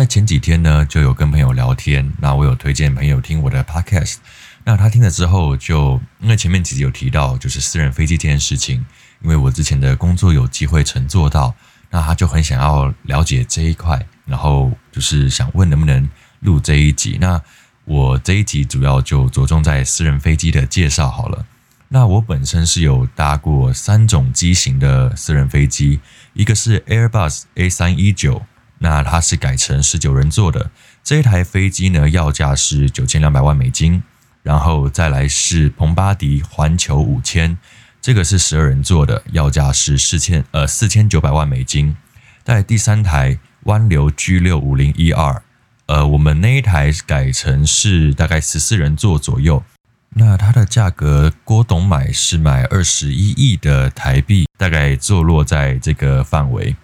在前幾天呢，就有跟朋友聊天，那我有推薦朋友聽我的 podcast，那他聽了之後就，就因為前面幾集有提到就是私人飛機這件事情，因為我之前的工作有機會乘坐到，那他就很想要了解這一塊，然後就是想問能不能錄這一集。那我這一集主要就着重在私人飛機的介紹好了。那我本身是有搭過三種機型的私人飛機，一個是 Airbus A 三一九。那它是改成十九人座的這一台飛機呢，要價是九千兩百萬美金。然後再來是龐巴迪環球五千，這個是十二人座的，要價是四千呃四千九百萬美金。再第三台灣流 G 六五零一二，呃，我們那一台改成是大概十四人座左右。那它的價格，郭董買是買二十一億的台幣，大概坐落在這個範圍。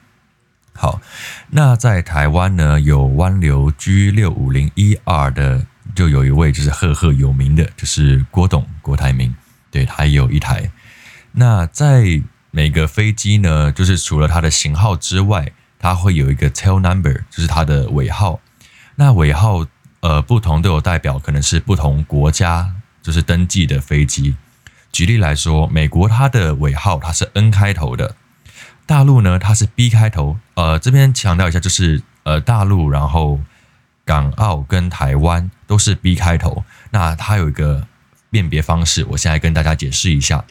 好，那在台灣呢，有灣流 G650ER 的，就有一位就是赫赫有名的，就是郭董郭台銘，對，他也有一台。那在每個飛機呢，就是除了它的型號之外，它會有一個 tail number，就是它的尾號。那尾號呃不同都有代表，可能是不同國家就是登記的飛機。舉例來說，美國它的尾號它是 N 開頭的。大陸呢，它是 B 開頭，呃，這邊強調一下，就是呃，大陸，然後港澳跟台灣都是 B 開頭。那它有一個辨別方式，我現在跟大家解釋一下。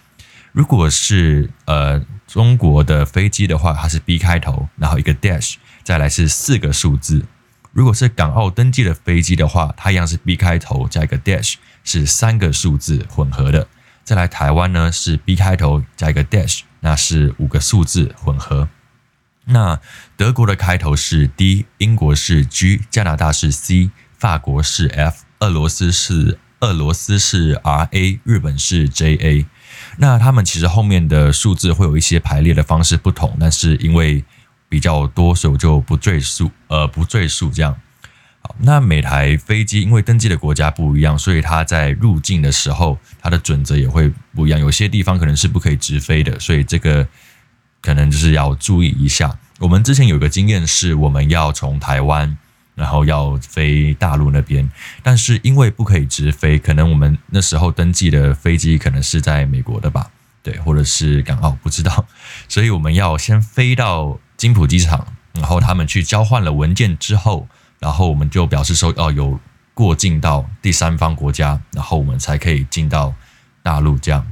如果是呃中國的飛機的話，它是 B 開頭，然後一個 dash，再來是四個數字。如果是港澳登記的飛機的話，它一樣是 B 開頭加一個 dash，是三個數字混合的。再來台灣呢，是 B 開頭加一個 dash。那是五個數字混合。那德國的開頭是 D，英國是 G，加拿大是 C，法國是 F，俄羅斯是俄羅斯是 RA，日本是 JA。那他們其實後面的數字會有一些排列的方式不同，但是因為比較多，所以我就不贅述，呃，不贅述這樣。好，那每台飛機因為登記的國家不一樣，所以它在入境的時候，它的準則也會不一樣。有些地方可能是不可以直飛的，所以這個可能就是要注意一下。我們之前有個經驗是，我們要從台灣，然後要飛大陸那邊，但是因為不可以直飛，可能我們那時候登記的飛機可能是在美國的吧？對，或者是港澳，不知道。所以我們要先飛到金浦機場，然後他們去交換了文件之後。然後我們就表示說，哦，有過境到第三方國家，然後我們才可以進到大陸，這樣，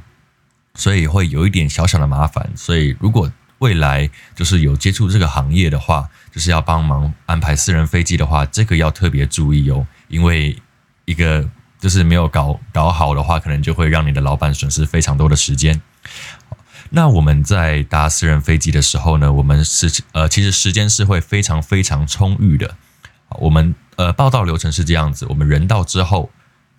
所以會有一點小小的麻煩。所以，如果未來就是有接觸這個行業的話，就是要幫忙安排私人飛機的話，這個要特別注意哦，因為一個就是沒有搞搞好的話，可能就會讓你的老闆損失非常多的時間。那我們在搭私人飛機的時候呢，我們是呃，其實時間是會非常非常充裕的。我們呃，報到流程是這樣子，我們人到之後，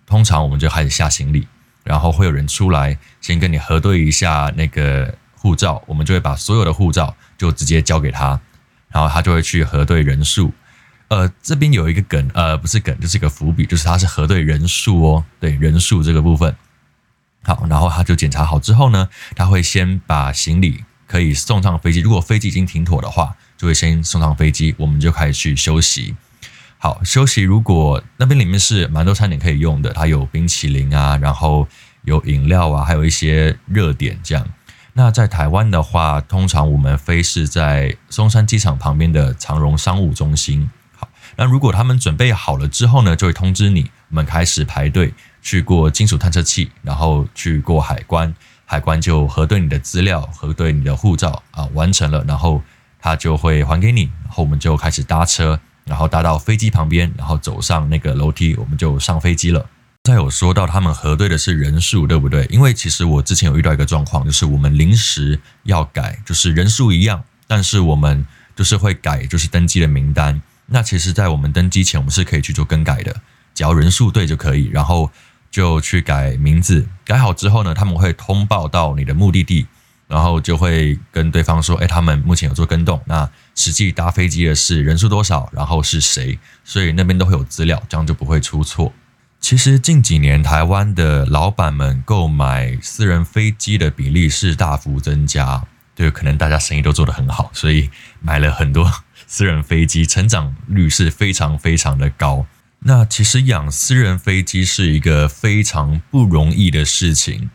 通常我們就開始下行李，然後會有人出來先跟你核對一下那個護照，我們就會把所有的護照就直接交給他，然後他就會去核對人數。呃，這邊有一個梗，呃，不是梗，就是一個伏筆，就是他是核對人數哦，對，人數這個部分。好，然後他就檢查好之後呢，他會先把行李可以送上飛機，如果飛機已經停妥的話，就會先送上飛機，我們就開始去休息。好，休息。如果那邊裡面是蠻多餐點可以用的，它有冰淇淋啊，然後有飲料啊，還有一些熱點這樣。那在台灣的話，通常我們飛是在松山機場旁邊的長榮商務中心。好，那如果他們準備好了之後呢，就會通知你，我們開始排隊，去過金屬探測器，然後去過海關，海關就核對你的資料，核對你的護照啊，完成了，然後他就會還給你，然後我們就開始搭車。然後搭到飛機旁邊，然後走上那個樓梯，我們就上飛機了。再有說到他們核對的是人數，對不對？因為其實我之前有遇到一個狀況，就是我們臨時要改，就是人數一樣，但是我們就是會改，就是登機的名單。那其實，在我們登機前，我們是可以去做更改的，只要人數對就可以，然後就去改名字。改好之後呢，他們會通報到你的目的地。然後就會跟對方說，哎、欸，他們目前有做更動，那實際搭飛機的是人數多少，然後是誰，所以那邊都會有資料，這樣就不會出錯。其實近幾年台灣的老板們購買私人飛機的比例是大幅增加，對，可能大家生意都做得很好，所以買了很多私人飛機，成長率是非常非常的高。那其實養私人飛機是一個非常不容易的事情。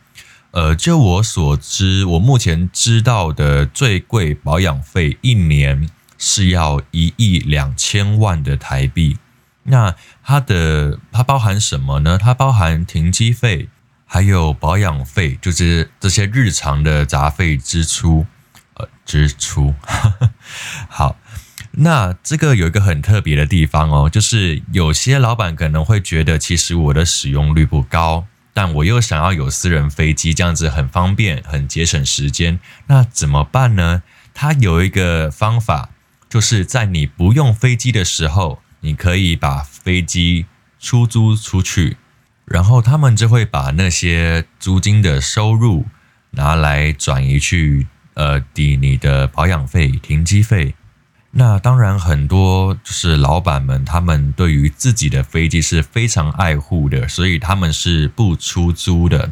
呃，就我所知，我目前知道的最貴保養費一年是要一億兩千萬的台幣。那它的它包含什麼呢？它包含停機費，還有保養費，就是這些日常的雜費支出呃支出。呃，支出。 好，那這個有一個很特別的地方哦，就是有些老板可能會覺得，其實我的使用率不高。但我又想要有私人飛機，這樣子很方便，很節省時間。那怎麼辦呢？他有一個方法，就是在你不用飛機的時候，你可以把飛機出租出去，然後他們就會把那些租金的收入拿來轉移去，呃，抵你的保養費、停機費。那當然，很多就是老闆們，他們對於自己的飛機是非常愛護的，所以他們是不出租的。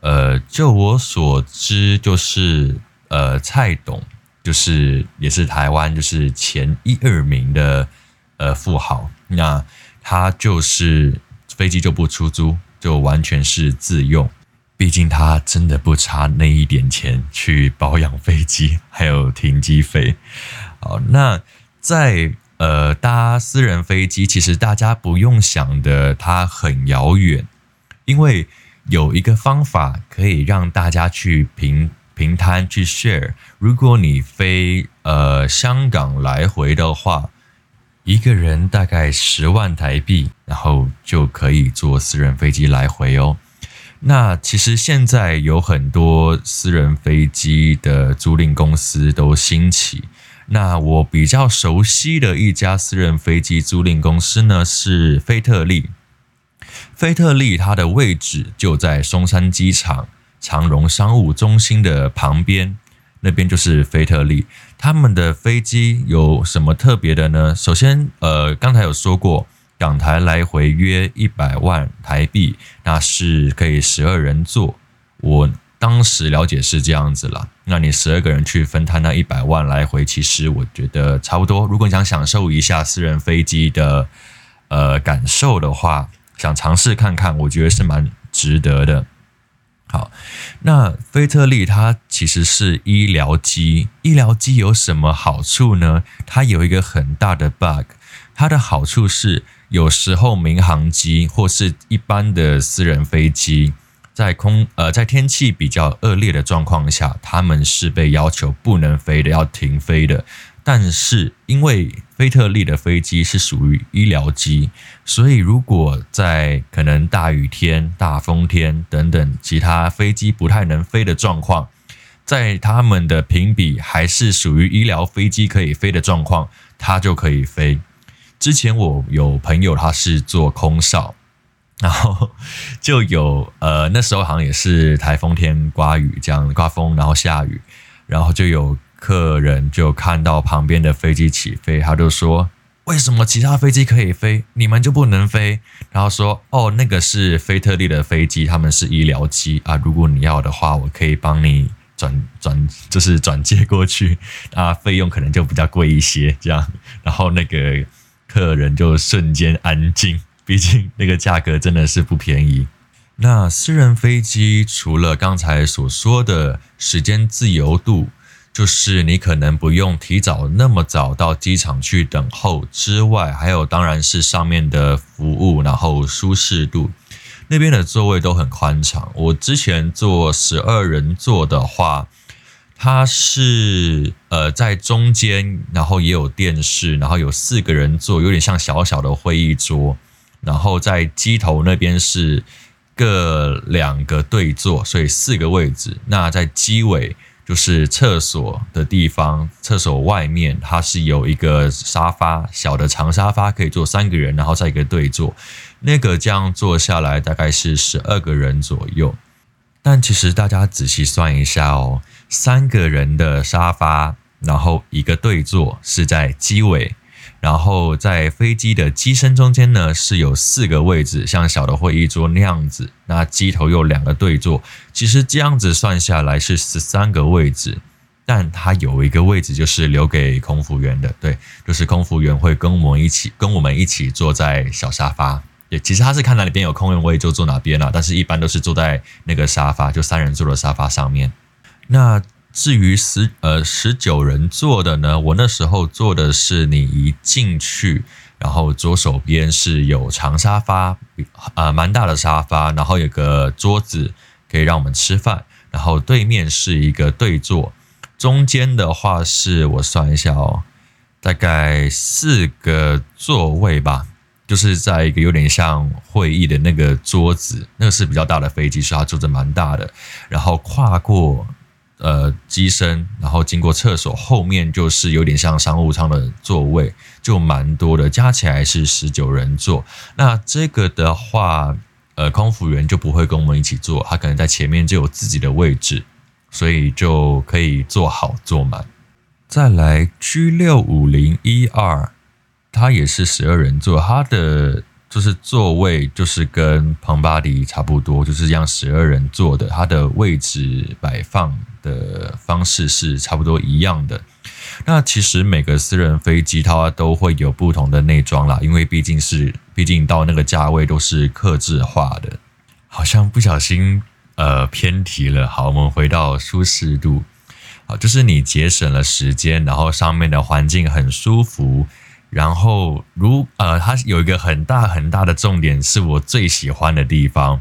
呃，就我所知，就是呃，蔡董就是也是台灣就是前一二名的呃富豪，那他就是飛機就不出租，就完全是自用。畢竟他真的不差那一點錢去保養飛機，還有停機費。好，那在呃搭私人飛機，其實大家不用想的，它很遙遠，因為有一個方法可以讓大家去平平攤去 share。如果你飛呃香港來回的話，一個人大概十萬台幣，然後就可以坐私人飛機來回哦。那其實現在有很多私人飛機的租賃公司都興起。那我比較熟悉的一家私人飛機租賃公司呢，是飛特立，飛特立它的位置就在松山機場長榮商務中心的旁邊，那邊就是飛特立。他們的飛機有什麼特別的呢？首先，呃，剛才有說過，港台來回約一百萬台幣，那是可以十二人坐。我。當時了解是這樣子啦，那你十二個人去分攤那一百萬來回，其實我覺得差不多。如果你想享受一下私人飛機的呃感受的話，想嘗試看看，我覺得是蠻值得的。好，那菲特利它其實是醫療機，醫療機有什麼好處呢？它有一個很大的 bug，它的好處是有時候民航機或是一般的私人飛機。在空呃，在天氣比較惡劣的狀況下，他們是被要求不能飛的，要停飛的。但是，因為菲特利的飛機是屬於醫療機，所以如果在可能大雨天、大風天等等其他飛機不太能飛的狀況，在他們的評比還是屬於醫療飛機可以飛的狀況，它就可以飛。之前我有朋友他是做空少。然後就有呃，那時候好像也是台風天，颳雨這樣，颳風，然後下雨，然後就有客人就看到旁邊的飛機起飛，他就說：“為什麼其他飛機可以飛，你們就不能飛？”然後說：“哦，那個是菲特利的飛機，他們是醫療機啊。如果你要的話，我可以幫你轉轉，就是轉接過去，啊，費用可能就比較貴一些。”這樣，然後那個客人就瞬間安靜。畢竟那個價格真的是不便宜。那私人飛機除了剛才所說的時間自由度，就是你可能不用提早那麼早到機場去等候之外，還有當然是上面的服務，然後舒適度，那邊的座位都很寬敞。我之前坐十二人座的話，它是呃在中間，然後也有電視，然後有四個人坐，有點像小小的會議桌。然後在機頭那邊是各兩個對座，所以四個位置。那在機尾就是廁所的地方，廁所外面它是有一個沙發，小的長沙發可以坐三個人，然後再一個對座，那個這樣坐下來大概是十二個人左右。但其實大家仔細算一下哦，三個人的沙發，然後一個對座是在機尾。然後在飛機的機身中間呢，是有四個位置，像小的會議桌那樣子。那機頭有兩個對座，其實這樣子算下來是十三個位置，但它有一個位置就是留給空服員的。對，就是空服員會跟我們一起跟我們一起坐在小沙發。對，其實他是看哪裡邊有空位，就坐哪邊了啊。但是一般都是坐在那個沙發，就三人座的沙發上面。那至於十呃十九人坐的呢？我那時候坐的是你一進去，然後左手邊是有長沙發，啊、呃、蠻大的沙發，然後有個桌子可以讓我們吃飯，然後對面是一個對座，中間的話是我算一下哦，大概四個座位吧，就是在一個有點像會議的那個桌子，那個是比較大的飛機，所以它坐着蠻大的，然後跨過。呃，機身，然後經過廁所，後面就是有點像商務艙的座位，就蠻多的，加起來是十九人座。那這個的話，呃，空服員就不會跟我們一起坐，他可能在前面就有自己的位置，所以就可以坐好坐滿。再來 G 六五零一二，它也是十二人座，它的就是座位就是跟龐巴迪差不多，就是讓十二人坐的，它的位置擺放。的方式是差不多一樣的。那其實每個私人飛機它都會有不同的內裝啦，因為畢竟是，畢竟到那個價位都是客製化的。好像不小心呃偏題了，好，我們回到舒適度。好，就是你節省了時間，然後上面的環境很舒服，然後如呃，它有一個很大很大的重點，是我最喜歡的地方，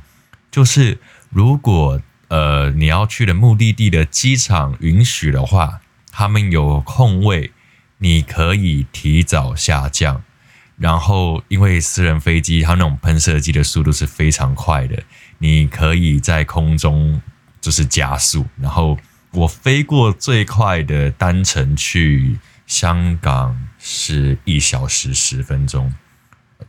就是如果。呃，你要去的目的地的機場允許的話，他們有空位，你可以提早下降。然後，因為私人飛機它那種噴射機的速度是非常快的，你可以在空中就是加速。然後，我飛過最快的單程去香港是一小時十分鐘，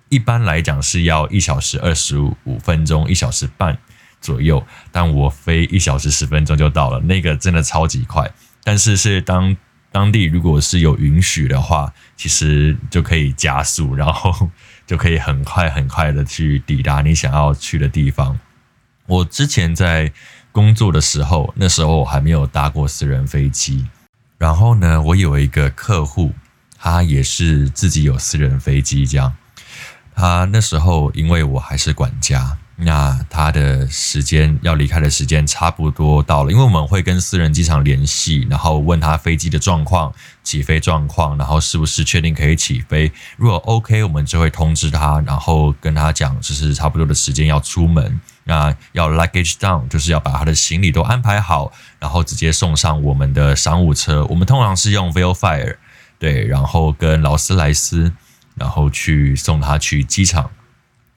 一般來講是要一小時二十五分鐘，一小時半，左右，但我飛一小時十分鐘就到了，那個真的超級快。但是是當當地如果是有允許的話，其實就可以加速，然後就可以很快很快的去抵達你想要去的地方。我之前在工作的時候，那時候我還沒有搭過私人飛機。然後呢，我有一個客戶，他也是自己有私人飛機這樣，他那時候因為我還是管家。那他的時間要離開的時間差不多到了，因為我們會跟私人機場聯繫，然後問他飛機的狀況、起飛狀況，然後是不是確定可以起飛。如果 OK，我們就會通知他，然後跟他講就是差不多的時間要出門。那要 luggage down，就是要把他的行李都安排好，然後直接送上我們的商務車。我們通常是用 Vellfire 對，然後跟勞斯萊斯，然後去送他去機場。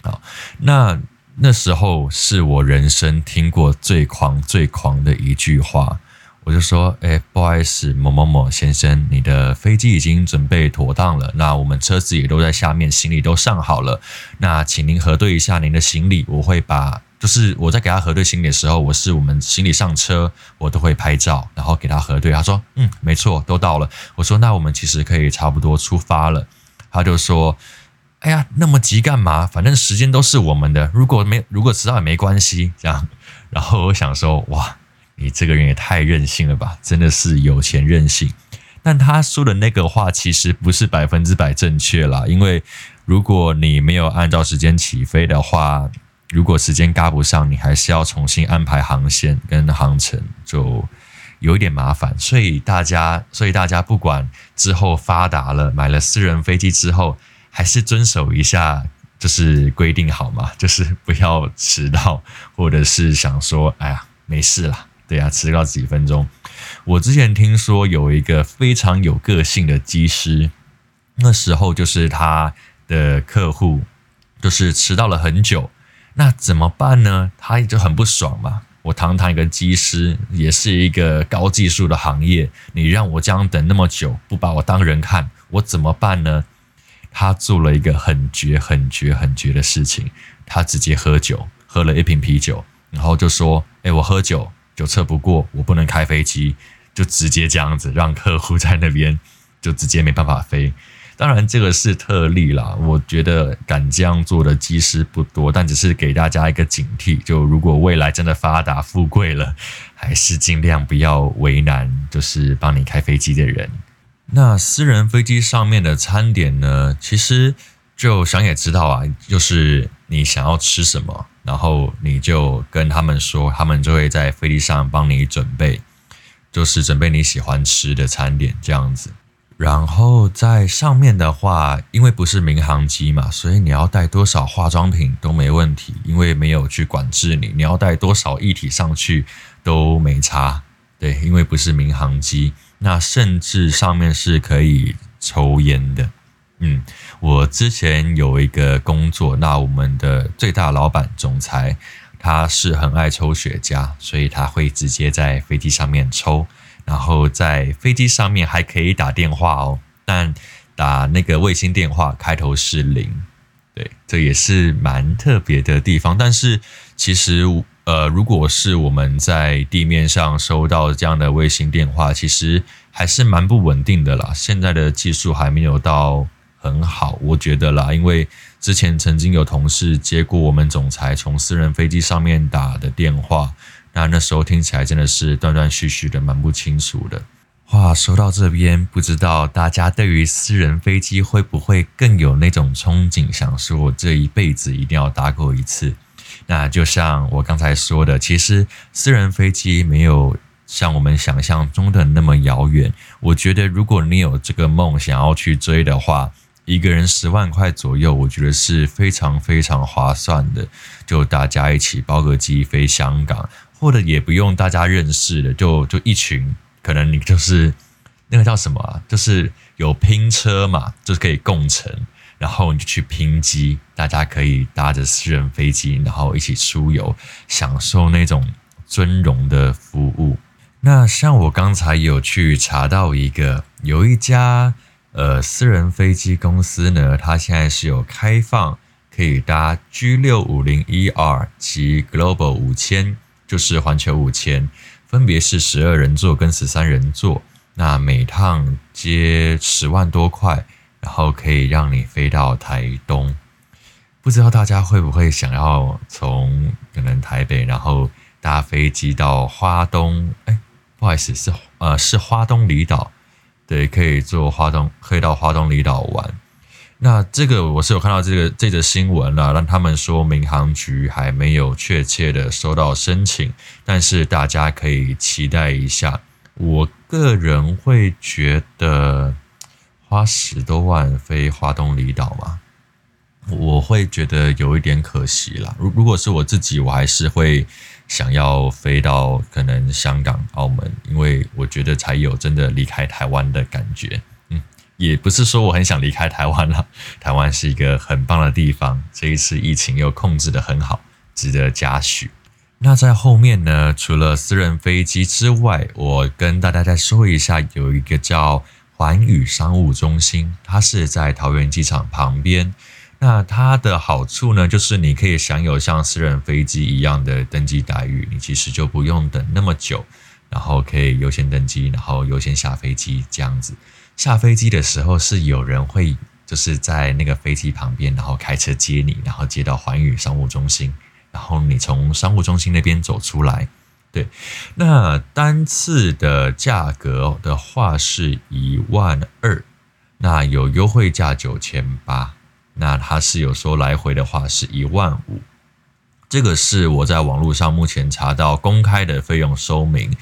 好，那。那時候是我人生聽過最狂、最狂的一句話。我就說：“誒，不好意思，某某某先生，你的飛機已經準備妥當了，那我們車子也都在下面，行李都上好了。那請您核對一下您的行李。我會把，就是我在給他核對行李的時候，我是我們行李上車，我都會拍照，然後給他核對。他說：嗯，沒錯，都到了。我說：那我們其實可以差不多出發了。他就說。”哎呀，那麼急幹嘛？反正時間都是我們的。如果沒如果遲到也沒關係，這樣。然後我想說，哇，你這個人也太任性了吧！真的是有錢任性。但他說的那個話其實不是百分之百正確啦，因為如果你沒有按照時間起飛的話，如果時間搭不上，你還是要重新安排航線跟航程，就有一點麻煩。所以大家，所以大家不管之後發達了，買了私人飛機之後。還是遵守一下就是規定好嘛？就是不要遲到，或者是想說，哎呀，沒事啦，對呀、啊，遲到幾分鐘。我之前聽說有一個非常有個性的機師，那時候就是他的客戶就是遲到了很久，那怎麼辦呢？他就很不爽嘛。我堂堂一個機師，也是一個高技術的行業，你讓我這樣等那麼久，不把我當人看，我怎麼辦呢？他做了一個很絕、很絕、很絕的事情，他直接喝酒，喝了一瓶啤酒，然後就說：“哎、欸，我喝酒，酒測不過，我不能開飛機。”就直接這樣子，讓客戶在那邊就直接沒辦法飛。當然，這個是特例啦，我覺得敢這樣做的機師不多，但只是給大家一個警惕。就如果未來真的發達富貴了，還是盡量不要為難，就是幫你開飛機的人。那私人飛機上面的餐點呢？其實就想也知道啊，就是你想要吃什麼，然後你就跟他們說，他們就會在飛機上幫你準備，就是準備你喜歡吃的餐點這樣子。然後在上面的話，因為不是民航機嘛，所以你要帶多少化妝品都沒問題，因為沒有去管制你，你要帶多少液體上去都沒差。對，因為不是民航機。那甚至上面是可以抽菸的，嗯，我之前有一個工作，那我們的最大老板總裁他是很愛抽雪茄，所以他會直接在飛機上面抽，然後在飛機上面還可以打電話哦，但打那個衛星電話開頭是零，對，這也是蠻特別的地方，但是其實。呃，如果是我們在地面上收到這樣的衛星電話，其實還是蠻不穩定的啦。現在的技術還沒有到很好，我覺得啦，因為之前曾經有同事接過我們總裁從私人飛機上面打的電話，那那時候聽起來真的是斷斷續續的，蠻不清楚的。話說到這邊，不知道大家對於私人飛機會不會更有那種憧憬，想說我這一輩子一定要搭過一次。那就像我剛才說的，其實私人飛機沒有像我們想象中的那麼遙遠。我覺得，如果你有這個夢想要去追的話，一個人十萬塊左右，我覺得是非常非常划算的。就大家一起包個機飛香港，或者也不用大家認識的，就就一群，可能你就是那個叫什麼啊，就是有拼車嘛，就是可以共乘。然後你就去拼機，大家可以搭着私人飛機，然後一起出遊，享受那種尊榮的服務。那像我剛才有去查到一個，有一家呃私人飛機公司呢，它現在是有開放可以搭 G 六五零 ER 及 Global 五千，就是環球五千，分別是十二人座跟十三人座，那每趟接十萬多塊。然後可以讓你飛到台東，不知道大家會不會想要從可能台北，然後搭飛機到花東？哎，不好意思，是呃是花東離島，對，可以坐花東，可以到花東離島玩。那這個我是有看到這個這則新聞啊，讓他們說民航局還沒有確切的收到申請，但是大家可以期待一下。我個人會覺得。花十多萬飛花東離島嗎？我會覺得有一點可惜啦。如，如果是我自己，我還是會想要飛到可能香港、澳門，因為我覺得才有真的離開台灣的感覺。嗯，也不是說我很想離開台灣啦，台灣是一個很棒的地方。這一次疫情又控制得很好，值得嘉許。那在後面呢，除了私人飛機之外，我跟大家再說一下，有一個叫。環宇商務中心，它是在桃園機場旁邊。那它的好處呢，就是你可以享有像私人飛機一樣的登機待遇，你其實就不用等那麼久，然後可以優先登機，然後優先下飛機，這樣子。下飛機的時候是有人會就是在那個飛機旁邊，然後開車接你，然後接到寰宇商務中心，然後你從商務中心那邊走出來。對，那單次的價格的話是一萬二，那有優惠價九千八，那它是有說來回的話是一萬五，這個是我在網絡上目前查到公開的費用說明，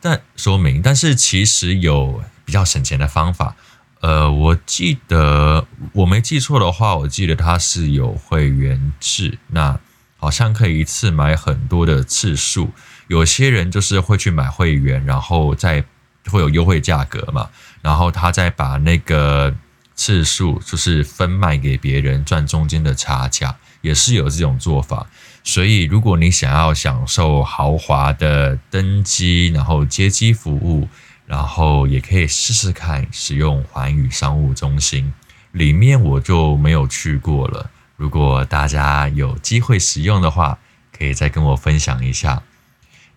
但說明，但是其實有比較省錢的方法，呃，我記得我沒記錯的話，我記得它是有會員制，那。好像可以一次買很多的次數，有些人就是會去買會員，然後再會有優惠價格嘛，然後他再把那個次數就是分賣給別人，賺中間的差價，也是有這種做法。所以，如果你想要享受豪華的登機，然後接機服務，然後也可以試試看使用寰宇商務中心。裡面我就沒有去過了。如果大家有機會使用的話，可以再跟我分享一下。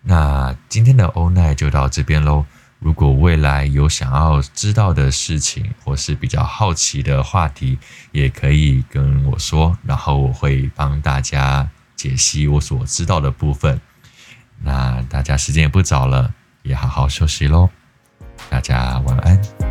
那今天的 OWL NIGHT 就到這邊嘍。如果未來有想要知道的事情，或是比較好奇的話題，也可以跟我說，然後我會幫大家解析我所知道的部分。那大家時間也不早了，也好好休息嘍。大家晚安。